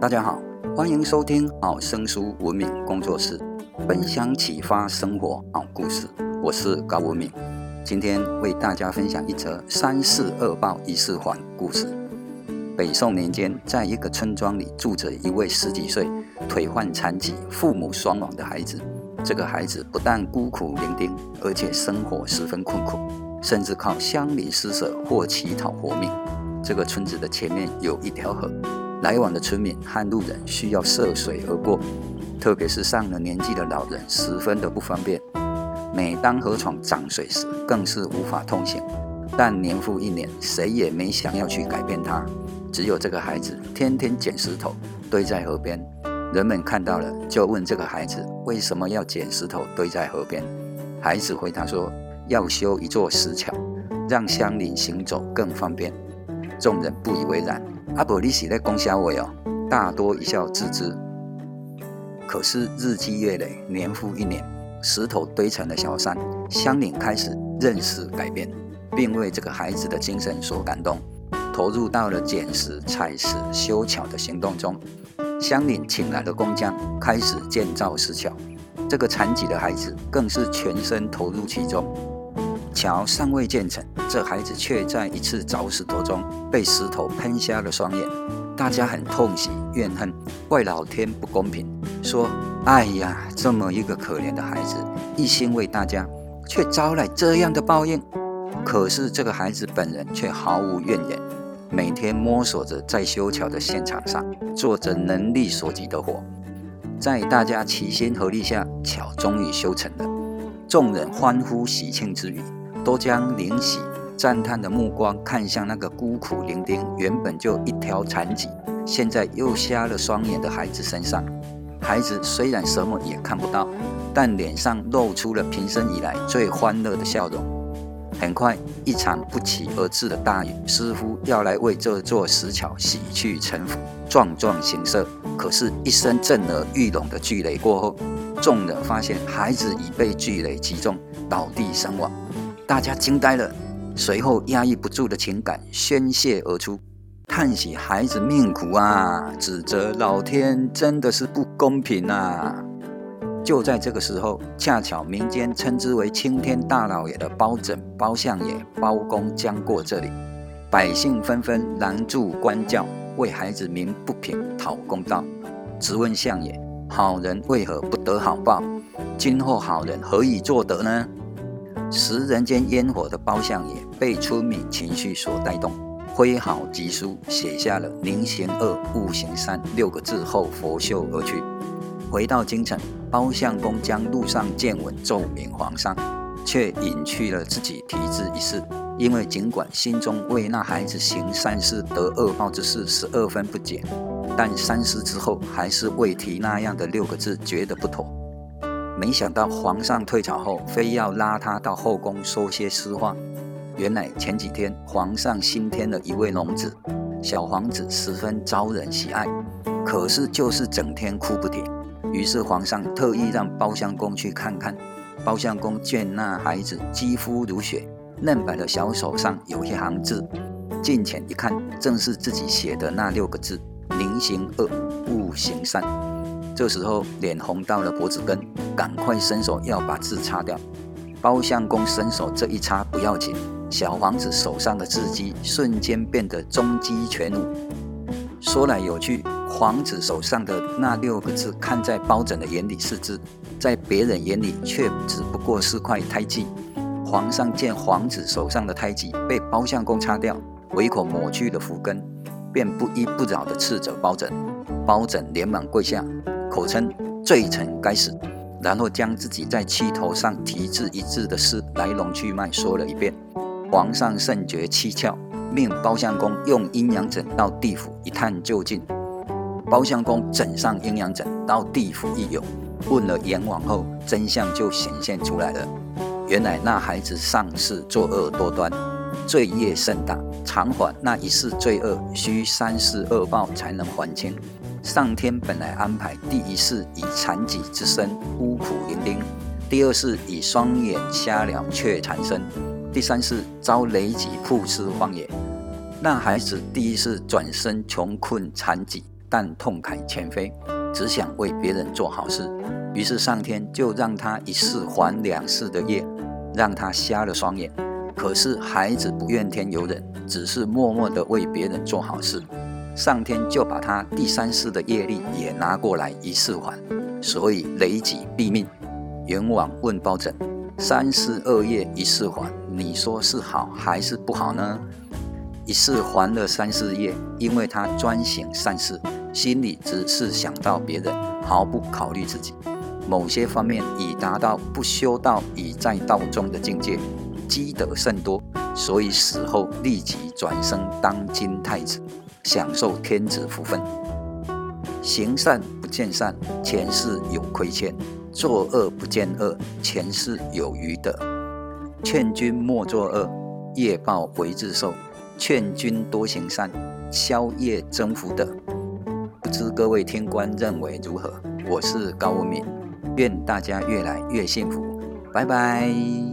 大家好，歡迎收聽好、哦、聲書文明工作室，本想啟發生活好、哦、故事。我是高文明，今天為大家分享一則“三世惡報一世還”故事。北宋年間，在一個村莊裡住着一位十幾歲、腿患殘疾、父母雙亡的孩子。這個孩子不但孤苦伶仃，而且生活十分困苦，甚至靠鄉鄰施舍或乞討活命。這個村子的前面有一條河。來往的村民和路人需要涉水而過，特別是上了年紀的老人，十分的不方便。每當河床漲水時，更是無法通行。但年復一年，誰也沒想要去改變它。只有這個孩子天天撿石頭堆在河邊，人們看到了就問這個孩子為什麼要撿石頭堆在河邊？孩子回答說：要修一座石橋，讓鄉鄰行走更方便。眾人不以為然，阿伯利是的工，嚇我喲，大多一笑置之。可是日積月累，年復一年，石頭堆成了小山，鄉鄰開始認識改變，並為這個孩子的精神所感動，投入到了撿石、採石、修橋的行動中。鄉鄰請來的工匠開始建造石橋，這個殘疾的孩子更是全身投入其中。橋尚未建成，這孩子卻在一次鑿石途中被石頭噴瞎了雙眼。大家很痛惜、怨恨，怪老天不公平，說：“哎呀，這麼一個可憐的孩子，一心為大家，卻招來這樣的報應。”可是這個孩子本人卻毫無怨言，每天摸索着在修橋的現場上做着能力所及的活。在大家齊心合力下，橋終於修成了，眾人歡呼、喜慶之餘。都將驚喜、讚嘆的目光看向那個孤苦伶仃、原本就一條殘疾，現在又瞎了雙眼的孩子身上。孩子雖然什麼也看不到，但臉上露出了平生以來最歡樂的笑容。很快，一場不期而至的大雨似乎要來為這座石橋洗去塵土、壯壯形色。可是，一聲震耳欲聾的巨雷過後，眾人發現孩子已被巨雷擊中，倒地身亡。大家驚呆了，隨後壓抑不住的情感宣泄而出，嘆息孩子命苦啊，指責老天真的是不公平啊。就在這個時候，恰巧民間稱之為青天大老爺的包拯、包相爺、包公經過這裡，百姓紛紛攔住官轎，為孩子鳴不平、討公道，質問相爺：好人為何不得好報？今後好人何以做得呢？食人間煙火的包相爺被村民情緒所帶動，揮毫疾書寫下了“寧行惡，勿行善”六個字後拂袖而去。回到京城，包相公將路上見聞奏明皇上，卻隱去了自己題字一事，因為儘管心中為那孩子行善事得惡報之事十二分不解，但三思之後還是未提那樣的六個字，覺得不妥。沒想到皇上退朝後，非要拉他到後宮說些私話。原來前幾天皇上新添了一位龍子，小皇子十分招人喜愛，可是就是整天哭不停。於是皇上特意讓包相公去看看。包相公見那孩子肌膚如雪，嫩白的小手上有一行字，近前一看，正是自己寫的那六個字零二：“寧行惡，勿行善。”這時候臉紅到了脖子根，趕快伸手要把字擦掉。包相公伸手這一擦不要緊，小皇子手上的字跡瞬間變得蹤跡全無。說來有趣，皇子手上的那六個字，看在包拯的眼裡是字，在別人眼裡卻只不過是塊胎記。皇上見皇子手上的胎記被包相公擦掉，唯恐抹去了福根，便不依不饒地斥責包拯。包拯連忙跪下。口稱罪臣該死，然後將自己在氣頭上題字一致的事來龍去脈說了一遍。皇上甚覺蹊蹺，命包相公用陰陽枕到地府一探究竟。包相公枕上陰陽枕到地府一遊，問了閻王後，真相就顯現出來了。原來那孩子上世作惡多端，罪業甚大，償還那一世罪惡需三世惡報才能還清。上天本來安排第一世以殘疾之身孤苦伶仃，第二世以雙眼瞎了卻殘生，第三世遭雷擊曝屍荒野。那孩子第一世轉生窮困殘疾，但痛改前非，只想為別人做好事。於是上天就讓他一世還兩世的業，讓他瞎了雙眼。可是孩子不怨天尤人，只是默默地為別人做好事。上天就把他第三世的業力也拿過來一世還，所以雷擊斃命。閻王問包拯：“三世惡業，一世還，你說是好還是不好呢？”一世還了三世業，因為他專行善事，心裡只是想到別人，毫不考慮自己。某些方面已達到不修道已在道中的境界，積德甚多，所以死後立即轉生當今太子。享受天子福分，行善不見善，前世有虧欠；做惡不見惡，前世有餘德。勸君莫作惡，業報唯自受；勸君多行善，消業增福德。不知各位聽官認為如何？我是高文明，願大家越來越幸福。拜拜。